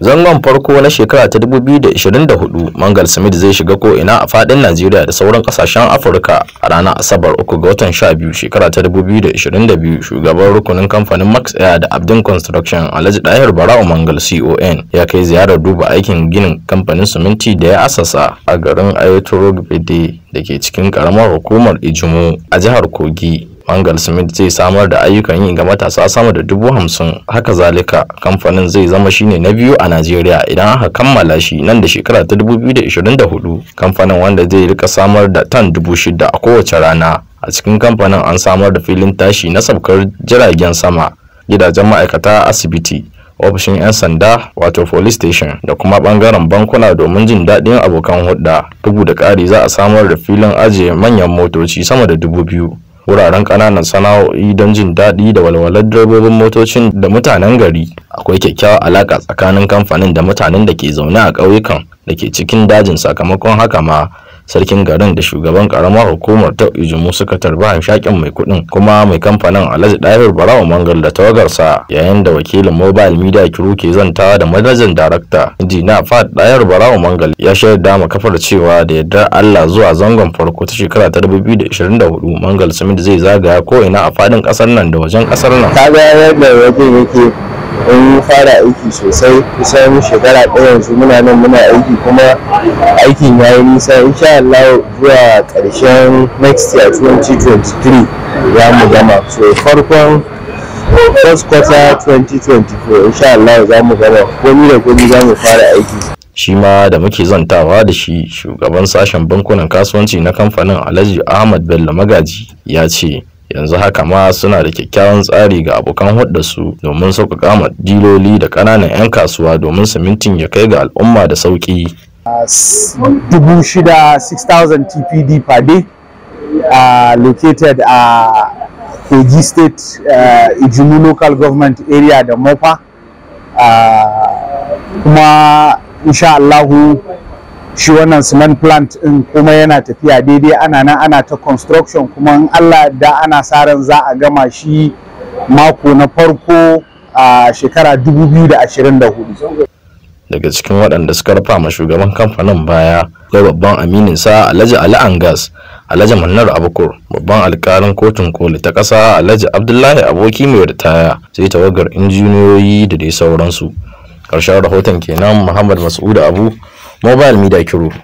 zangon farko na shekara ta 2024 mangal smith zai shiga ko'ina a fadin najeriya da sauran kasashen afirka a ranar asabar uku ga watan 12 shekara ta 2022 shugaban rukunin kamfanin max air da abdin construction alhaji dahir bara'u mangal con ya kai ziyarar duba aikin ginin kamfanin siminti da ya asasa a garin ayatollah da ke cikin karamar hukumar ijimu a jihar kogi Mangal Smith zai samar da ayyukan yi ga matasa sama da dubu hamsin haka zalika kamfanin zai zama shine na biyu a Najeriya idan aka kammala shi nan da shekara ta 2024 kamfanin wanda zai rika samar da tan dubu shida a kowace rana a cikin kamfanin an samar da filin tashi na sabkar jiragen sama gidajen ma'aikata asibiti ofishin 'yan sanda wato police station da kuma bangaren bankuna domin jin daɗin abokan hulɗa bugu da ƙari za a samar da filin ajiye manyan motoci sama da dubu biyu wuraren kananan sana'o'i don jin daɗi da walwalar direbobin motocin da mutanen gari akwai kyakkyawar alaƙa tsakanin kamfanin da mutanen da ke zaune a ƙauyukan da ke cikin dajin sakamakon haka ma sarkin garin da shugaban karamar hukumar ta ijumu suka tarba hamshakin mai kudin. kuma mai kamfanin alhaji dahir barawa mangal da tawagarsa yayin da wakilin mobile media crew ke zantawa da manajan darakta injina fat ɗayar barawa mangal ya shaida ma kafar cewa da yadda allah zuwa zangon farko ta shekara ta 2024 mangal smith zai zagaya ko ina a fadin kasar nan da wajen kasar nan. yadda yake mun fara aiki sosai kusan shekara ɗaya yanzu muna nan muna aiki kuma aikin ya yi nisa insha Allah zuwa ƙarshen next year 2023 ya mu gama so farkon first quarter 2024 insha Allah za mu gama gwani da gwani za mu fara aiki shi ma da muke zantawa da shi shugaban sashen bankunan kasuwanci na kamfanin alhaji ahmad bello magaji ya ce yanzu haka ma suna da kyakkyawan tsari ga abokan su domin sauƙaƙa ma diloli da ƙananan 'yan kasuwa domin simintin ya kai ga al'umma da sauƙi. dubu shida 6,000 tpd per day uh, located a uh, kogi state uh, local government area da mopa uh, kuma insha Allahu shi wannan cement plant din kuma yana tafiya daidai ana nan ana ta construction kuma in Allah da ana sa ran za a gama shi mako na farko a shekara 2024 daga cikin waɗanda suka rufa ma shugaban kamfanin baya ga babban aminin sa Alhaji Ali Angas Alhaji Mannar Abukur babban alƙalin kotun koli ta ƙasa Alhaji Abdullahi Aboki mai ritaya sai tawagar injiniyoyi da dai sauransu ƙarshen rahoton kenan Muhammad Mas'ud Abu mobile media crew